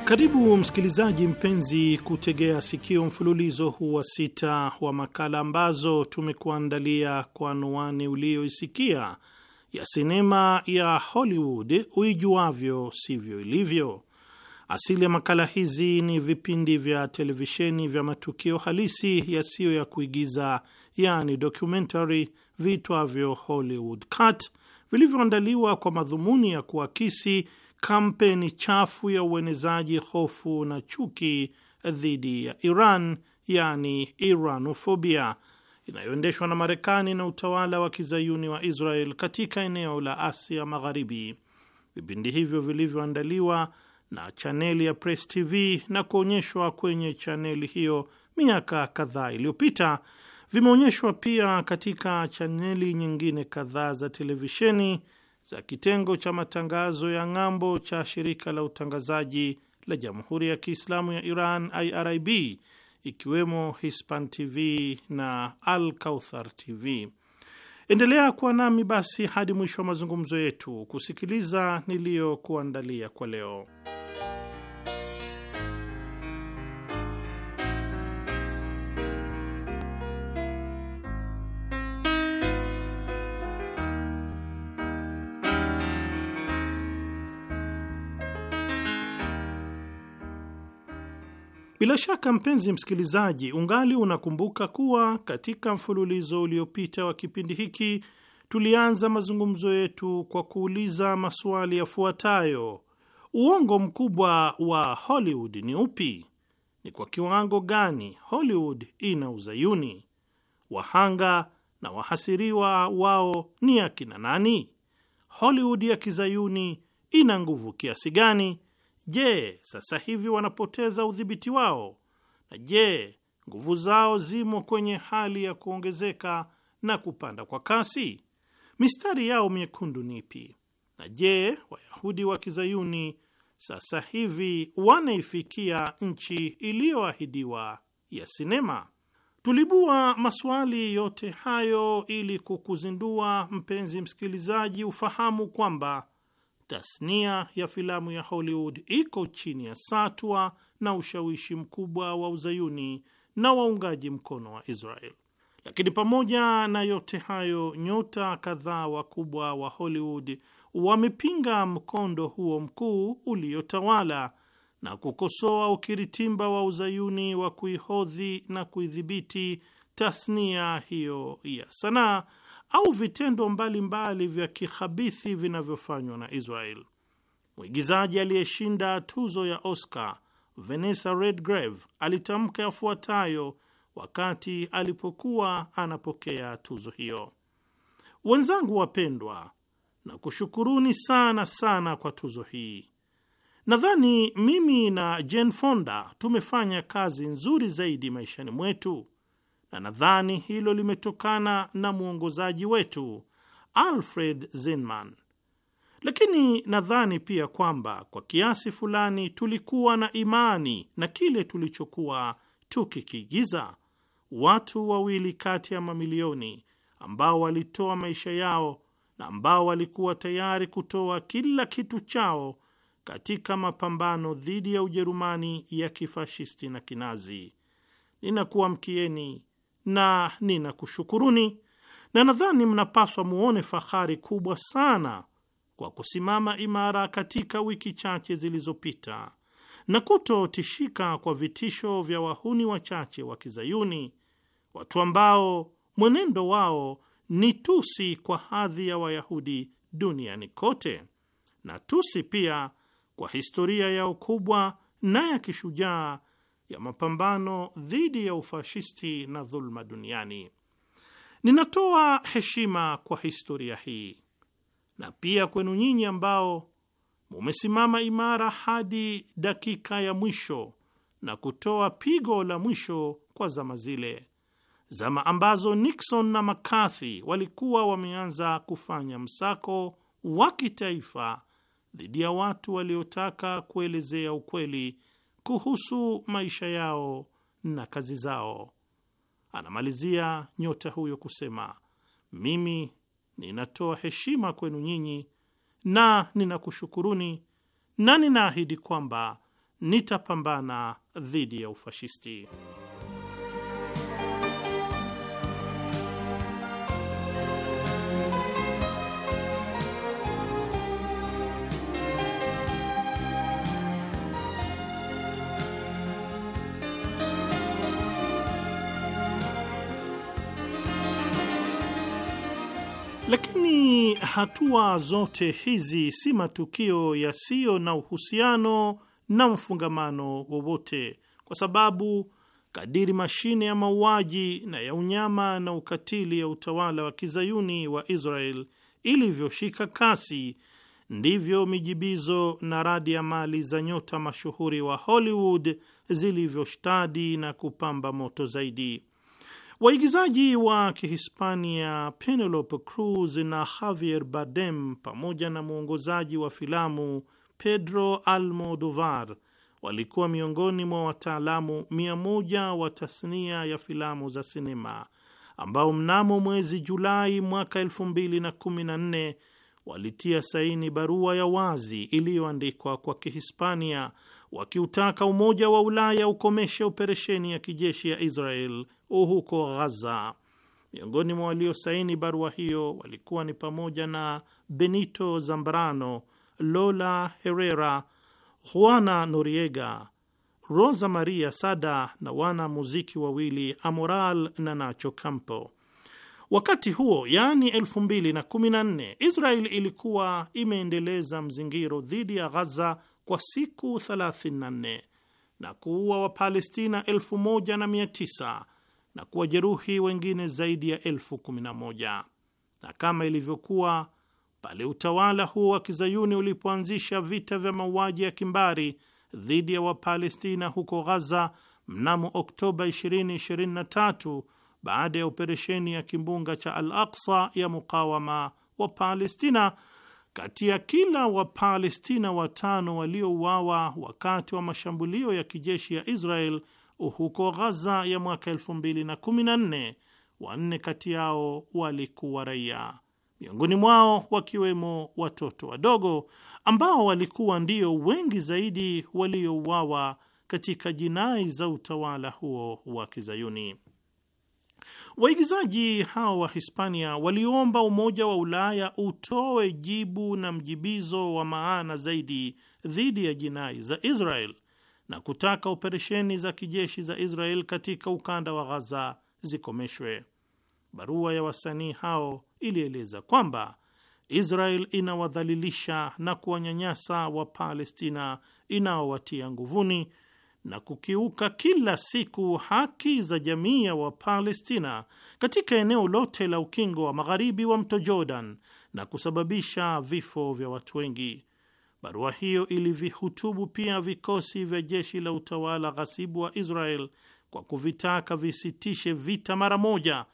Karibu msikilizaji mpenzi kutegea sikio mfululizo huu wa sita wa makala ambazo tumekuandalia kwa anwani uliyoisikia ya sinema ya Hollywood uijuavyo sivyo ilivyo. Asili ya makala hizi ni vipindi vya televisheni vya matukio halisi yasiyo ya kuigiza, yani documentary, viitwavyo Hollywood Cut, vilivyoandaliwa kwa madhumuni ya kuakisi kampeni chafu ya uenezaji hofu na chuki dhidi ya Iran, yani Iranofobia, inayoendeshwa na Marekani na utawala wa kizayuni wa Israel katika eneo la Asia Magharibi. Vipindi hivyo vilivyoandaliwa na chaneli ya Press TV na kuonyeshwa kwenye chaneli hiyo miaka kadhaa iliyopita. Vimeonyeshwa pia katika chaneli nyingine kadhaa za televisheni za kitengo cha matangazo ya ng'ambo cha shirika la utangazaji la Jamhuri ya Kiislamu ya Iran IRIB ikiwemo Hispan TV na Al Kauthar TV. Endelea kuwa nami basi hadi mwisho wa mazungumzo yetu kusikiliza niliyokuandalia kwa leo. Bila shaka mpenzi msikilizaji, ungali unakumbuka kuwa katika mfululizo uliopita wa kipindi hiki tulianza mazungumzo yetu kwa kuuliza masuali yafuatayo: uongo mkubwa wa Hollywood ni upi? Ni kwa kiwango gani Hollywood ina uzayuni? Wahanga na wahasiriwa wao ni akina nani? Hollywood ya kizayuni ina nguvu kiasi gani? Je, sasa hivi wanapoteza udhibiti wao? Na je, nguvu zao zimo kwenye hali ya kuongezeka na kupanda kwa kasi? Mistari yao miekundu ni ipi? Na je, Wayahudi wa Kizayuni sasa hivi wanaifikia nchi iliyoahidiwa ya sinema? Tulibua maswali yote hayo ili kukuzindua mpenzi msikilizaji, ufahamu kwamba tasnia ya filamu ya Hollywood iko chini ya satwa na ushawishi mkubwa wa uzayuni na waungaji mkono wa Israel. Lakini pamoja na yote hayo, nyota kadhaa wakubwa wa Hollywood wamepinga mkondo huo mkuu uliotawala na kukosoa ukiritimba wa uzayuni wa kuihodhi na kuidhibiti tasnia hiyo ya sanaa au vitendo mbalimbali mbali vya kihabithi vinavyofanywa na Israel. Mwigizaji aliyeshinda tuzo ya Oscar Vanessa Redgrave alitamka yafuatayo wakati alipokuwa anapokea tuzo hiyo: wenzangu wapendwa, na kushukuruni sana sana kwa tuzo hii. Nadhani mimi na Jane Fonda tumefanya kazi nzuri zaidi maishani mwetu na nadhani hilo limetokana na mwongozaji wetu Alfred Zinman, lakini nadhani pia kwamba kwa kiasi fulani tulikuwa na imani na kile tulichokuwa tukikiigiza. Watu wawili kati ya mamilioni ambao walitoa maisha yao na ambao walikuwa tayari kutoa kila kitu chao katika mapambano dhidi ya Ujerumani ya kifashisti na kinazi. Ninakuamkieni na ninakushukuruni, na nadhani mnapaswa muone fahari kubwa sana kwa kusimama imara katika wiki chache zilizopita na kutotishika kwa vitisho vya wahuni wachache wa Kizayuni, watu ambao mwenendo wao ni tusi kwa hadhi ya Wayahudi duniani kote na tusi pia kwa historia yao kubwa na ya kishujaa ya mapambano dhidi ya ufashisti na dhuluma duniani. Ninatoa heshima kwa historia hii na pia kwenu nyinyi ambao mumesimama imara hadi dakika ya mwisho na kutoa pigo la mwisho kwa zama zile, zama ambazo Nixon na McCarthy walikuwa wameanza kufanya msako wa kitaifa dhidi ya watu waliotaka kuelezea ukweli kuhusu maisha yao na kazi zao. Anamalizia nyota huyo kusema, mimi ninatoa heshima kwenu nyinyi na ninakushukuruni na ninaahidi kwamba nitapambana dhidi ya ufashisti. Lakini hatua zote hizi si matukio yasiyo na uhusiano na mfungamano wowote, kwa sababu kadiri mashine ya mauaji na ya unyama na ukatili ya utawala wa kizayuni wa Israel ilivyoshika kasi, ndivyo mijibizo na radi ya mali za nyota mashuhuri wa Hollywood zilivyoshtadi na kupamba moto zaidi. Waigizaji wa Kihispania Penelope Cruz na Javier Bardem pamoja na mwongozaji wa filamu Pedro Almodovar walikuwa miongoni mwa wataalamu mia moja wa tasnia ya filamu za sinema ambao mnamo mwezi Julai mwaka elfu mbili na kumi na nne walitia saini barua ya wazi iliyoandikwa kwa Kihispania wakiutaka Umoja wa Ulaya ukomeshe operesheni ya kijeshi ya Israel huko Ghaza. Miongoni mwa waliosaini barua hiyo walikuwa ni pamoja na Benito Zambrano, Lola Herrera, Juana Noriega, Rosa Maria Sada na wana muziki wawili Amoral na Nacho Campo. Wakati huo yaani 2014 Israel ilikuwa imeendeleza mzingiro dhidi ya Ghaza kwa siku 34 na kuua Wapalestina 1900 na kuwajeruhi wengine zaidi ya elfu kumi na moja. Na kama ilivyokuwa pale utawala huo wa kizayuni ulipoanzisha vita vya mauaji ya kimbari dhidi ya Wapalestina huko Ghaza mnamo Oktoba 2023 baada ya operesheni ya kimbunga cha Al Aksa ya mukawama wa Palestina, kati ya kila Wapalestina watano waliouawa wakati wa mashambulio ya kijeshi ya Israel huko Ghaza ya mwaka 2014, wanne kati yao walikuwa raia, miongoni mwao wakiwemo watoto wadogo ambao walikuwa ndio wengi zaidi waliouawa katika jinai za utawala huo wa Kizayuni. Waigizaji hao wa Hispania waliomba Umoja wa Ulaya utoe jibu na mjibizo wa maana zaidi dhidi ya jinai za Israel na kutaka operesheni za kijeshi za Israel katika ukanda wa Ghaza zikomeshwe. Barua ya wasanii hao ilieleza kwamba Israel inawadhalilisha na kuwanyanyasa Wapalestina inaowatia nguvuni na kukiuka kila siku haki za jamii ya Wapalestina katika eneo lote la ukingo wa magharibi wa mto Jordan na kusababisha vifo vya watu wengi. Barua hiyo ilivihutubu pia vikosi vya jeshi la utawala ghasibu wa Israel kwa kuvitaka visitishe vita mara moja,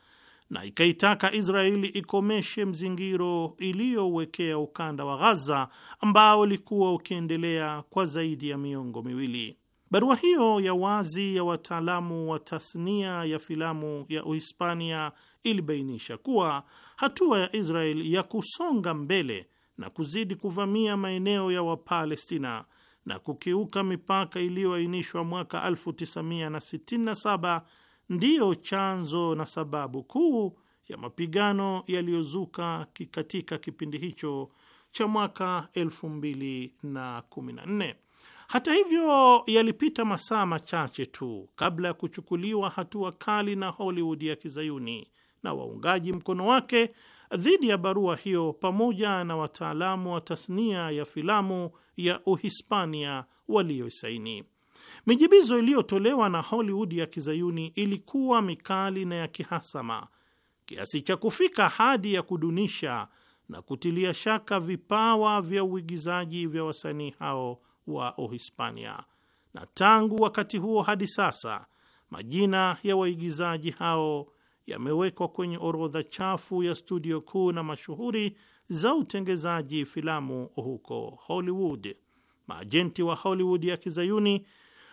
na ikaitaka Israeli ikomeshe mzingiro iliyowekea ukanda wa Ghaza ambao ulikuwa ukiendelea kwa zaidi ya miongo miwili. Barua hiyo ya wazi ya wataalamu wa tasnia ya filamu ya Uhispania ilibainisha kuwa hatua ya Israel ya kusonga mbele na kuzidi kuvamia maeneo ya Wapalestina na kukiuka mipaka iliyoainishwa mwaka 1967 ndiyo chanzo na sababu kuu ya mapigano yaliyozuka katika kipindi hicho cha mwaka 2014. Hata hivyo, yalipita masaa machache tu kabla ya kuchukuliwa hatua kali na Hollywood ya Kizayuni na waungaji mkono wake dhidi ya barua hiyo pamoja na wataalamu wa tasnia ya filamu ya Uhispania walioisaini. Mijibizo iliyotolewa na Hollywood ya kizayuni ilikuwa mikali na ya kihasama kiasi cha kufika hadi ya kudunisha na kutilia shaka vipawa vya uigizaji vya wasanii hao wa Uhispania, na tangu wakati huo hadi sasa majina ya waigizaji hao yamewekwa kwenye orodha chafu ya studio kuu na mashuhuri za utengezaji filamu huko Hollywood. Maajenti wa Hollywood ya kizayuni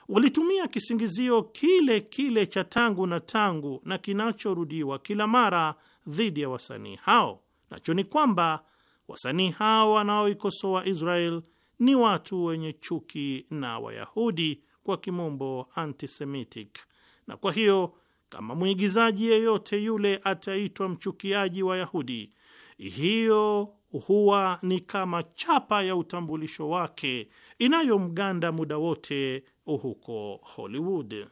walitumia kisingizio kile kile cha tangu na tangu na kinachorudiwa kila mara dhidi ya wasanii hao, nacho ni kwamba wasanii hao wanaoikosoa Israel ni watu wenye chuki na Wayahudi, kwa kimombo antisemitic, na kwa hiyo kama mwigizaji yeyote yule ataitwa mchukiaji wa Yahudi, hiyo huwa ni kama chapa ya utambulisho wake inayomganda muda wote huko Hollywood.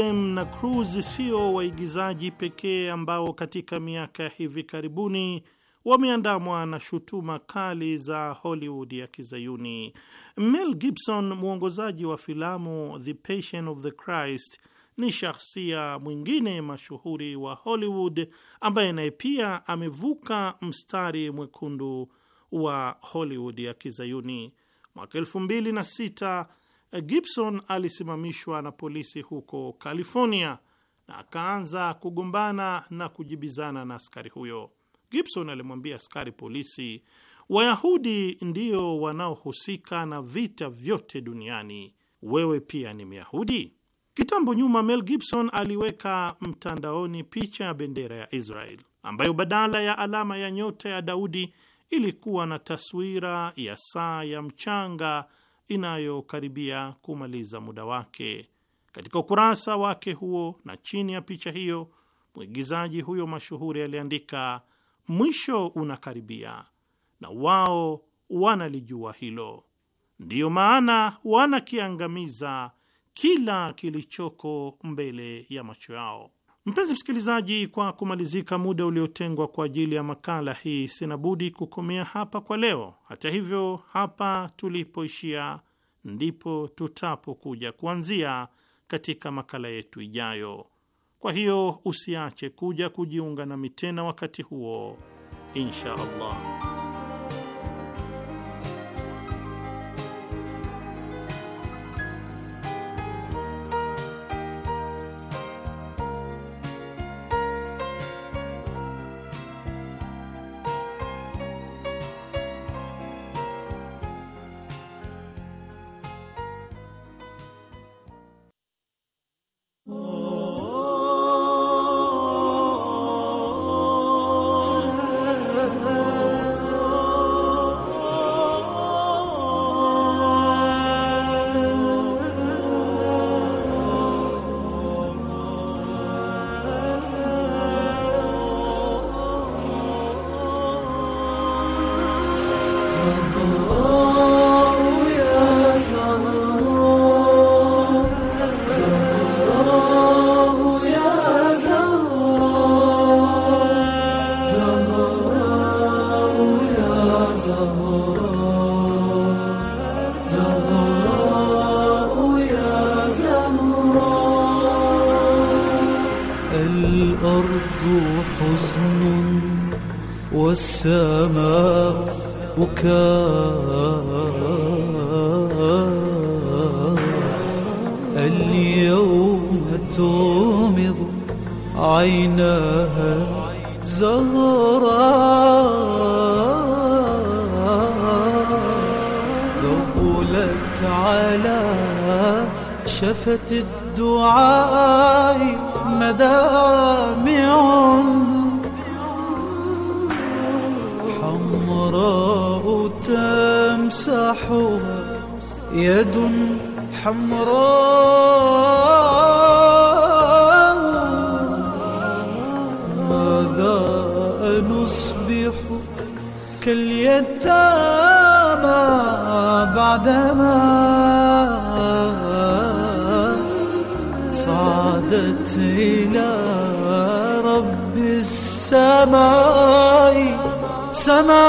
Biden na Cruz sio waigizaji pekee ambao katika miaka ya hivi karibuni wameandamwa na shutuma kali za Hollywood ya kizayuni. Mel Gibson, mwongozaji wa filamu The Passion of the Christ, ni shahsia mwingine mashuhuri wa Hollywood ambaye naye pia amevuka mstari mwekundu wa Hollywood ya kizayuni. Mwaka elfu mbili na sita Gibson alisimamishwa na polisi huko California na akaanza kugombana na kujibizana na askari huyo. Gibson alimwambia askari polisi, Wayahudi ndio wanaohusika na vita vyote duniani, wewe pia ni Myahudi. Kitambo nyuma, Mel Gibson aliweka mtandaoni picha ya bendera ya Israel ambayo badala ya alama ya nyota ya Daudi ilikuwa na taswira ya saa ya mchanga inayokaribia kumaliza muda wake. Katika ukurasa wake huo na chini ya picha hiyo, mwigizaji huyo mashuhuri aliandika, mwisho unakaribia na wao wanalijua hilo, ndiyo maana wanakiangamiza kila kilichoko mbele ya macho yao. Mpenzi msikilizaji, kwa kumalizika muda uliotengwa kwa ajili ya makala hii, sina budi kukomea hapa kwa leo. Hata hivyo, hapa tulipoishia ndipo tutapokuja kuanzia katika makala yetu ijayo. Kwa hiyo usiache kuja kujiunga nami tena wakati huo, insha Allah. الأرض حزن والسماء بكاء اليوم تغمض عيناها زهران على شفت الدعاء مدامع حمراء تمسحها يد حمراء ماذا نصبح كاليتامى بعدما صعدت إلى رب السماء سماء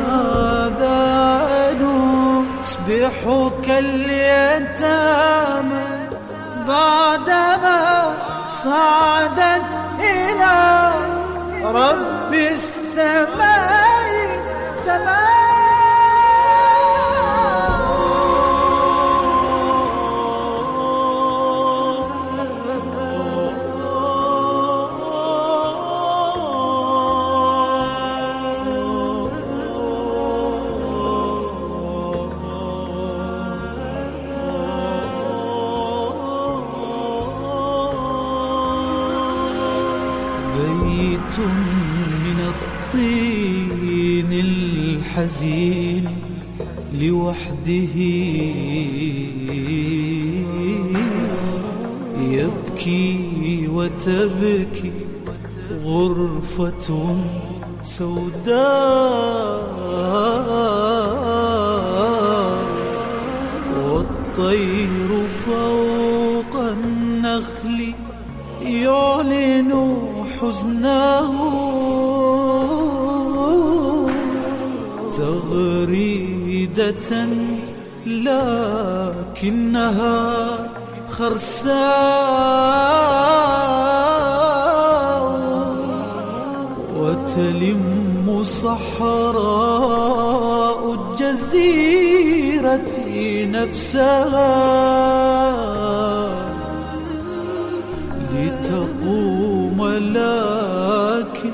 ماذا نصبح كاليتامى بعدما صعدت إلى رب السماء سمائی Thank you. الطين الحزين لوحده يبكي وتبكي غرفة سوداء والطير فوق النخل يعلن حزنه لكنها خرساء وتلم صحراء الجزيرة نفسها لتقوم لكن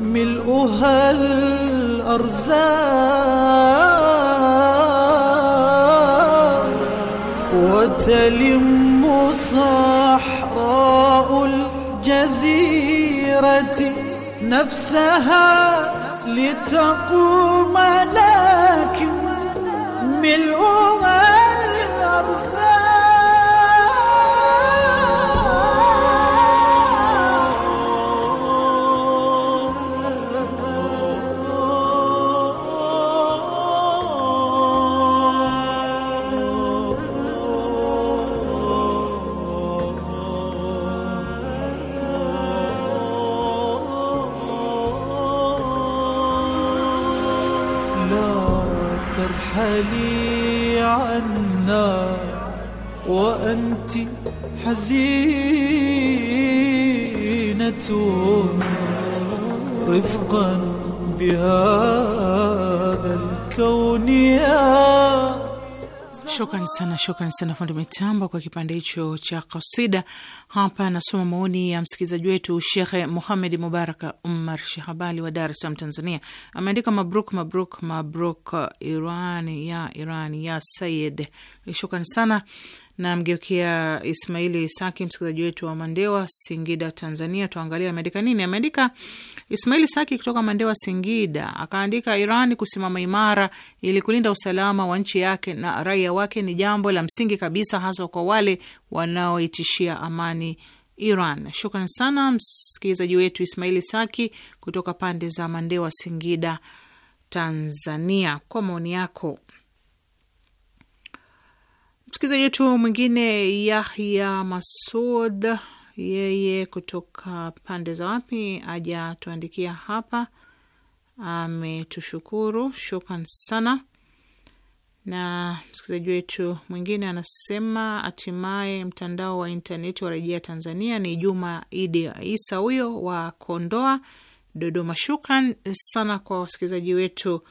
ملؤها الأرزاق تلم صحراء الجزيرة نفسها لتقول حالي عنا وأنت حزينة رفقا بهذا الكون يا Shukran sana, shukran sana fundi mitambo kwa kipande hicho cha kasida. Hapa anasoma maoni ya msikilizaji wetu Shekhe Muhamed Mubaraka Umar Shahabali wa Dar es Salaam, Tanzania. Ameandika mabruk, mabruk, mabruk Iran ya Iran ya Sayid. Shukran sana. Namgeukia Ismaili saki msikilizaji wetu wa Mandewa, Singida, Tanzania. Tuangalie ameandika nini. Ameandika Ismaili Saki kutoka Mandewa, Singida, akaandika Iran kusimama imara ili kulinda usalama wa nchi yake na raia wake ni jambo la msingi kabisa, hasa kwa wale wanaoitishia amani Iran. Shukran sana msikilizaji wetu Ismaili Saki kutoka pande za Mandewa, Singida, Tanzania, kwa maoni yako. Msikilizaji wetu mwingine Yahya Masud, yeye kutoka pande za wapi ajatuandikia hapa, ametushukuru shukran sana. Na msikilizaji wetu mwingine anasema hatimaye mtandao wa intaneti wa rejea Tanzania. Ni Juma Idi Isa huyo wa Kondoa, Dodoma. Shukran sana kwa wasikilizaji wetu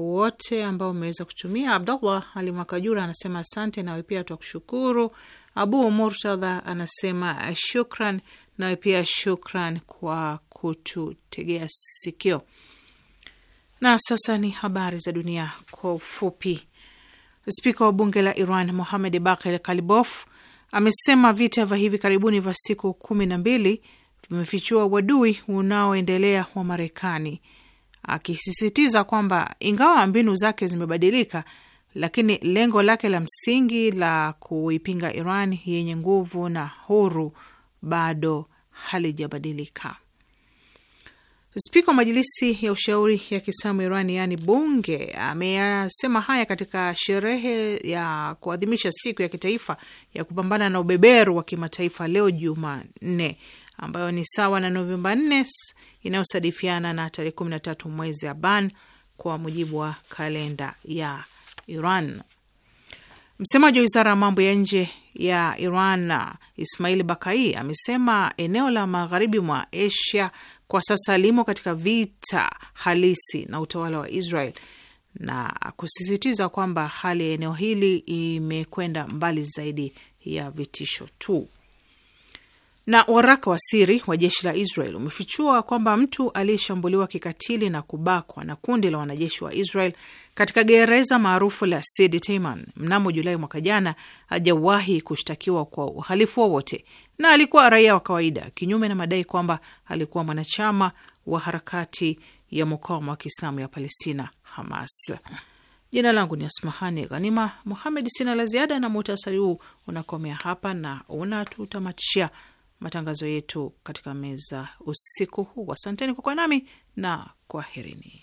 wote ambao umeweza kutumia. Abdullah Ali Mwakajura anasema asante, nawe pia twakushukuru. Abu Murtadha anasema shukran, nawe pia shukran kwa kututegea sikio. Na sasa ni habari za dunia kwa ufupi. Spika wa bunge la Iran Mohamed Bakel Kalibof amesema vita vya hivi karibuni vya siku kumi na mbili vimefichua uadui unaoendelea wa Marekani akisisitiza kwamba ingawa mbinu zake zimebadilika, lakini lengo lake la msingi la kuipinga Iran yenye nguvu na huru bado halijabadilika. Spika wa Majilisi ya Ushauri ya Kiislamu Iran, yaani bunge, ameyasema haya katika sherehe ya kuadhimisha siku ya kitaifa ya kupambana na ubeberu wa kimataifa leo Jumanne, ambayo ni sawa na Novemba 4 inayosadifiana na tarehe 13 mwezi Aban kwa mujibu wa kalenda ya Iran. Msemaji wa wizara ya mambo ya nje ya Iran Ismail Bakai amesema eneo la magharibi mwa Asia kwa sasa limo katika vita halisi na utawala wa Israel na kusisitiza kwamba hali ya eneo hili imekwenda mbali zaidi ya vitisho tu. Na waraka wa siri wa jeshi la Israel umefichua kwamba mtu aliyeshambuliwa kikatili na kubakwa na kundi la wanajeshi wa Israel katika gereza maarufu la Sidi Tayman mnamo Julai mwaka jana hajawahi kushtakiwa kwa uhalifu wowote, na alikuwa raia wa kawaida, kinyume na madai kwamba alikuwa mwanachama wa harakati ya mukawama wa Kiislamu ya Palestina, Hamas. Jina langu ni Asmahani Ghanima Muhamed. Sina la ziada na muhtasari huu unakomea hapa na unatutamatishia matangazo yetu katika meza usiku huu. Asanteni kwa kuwa nami na kwaherini.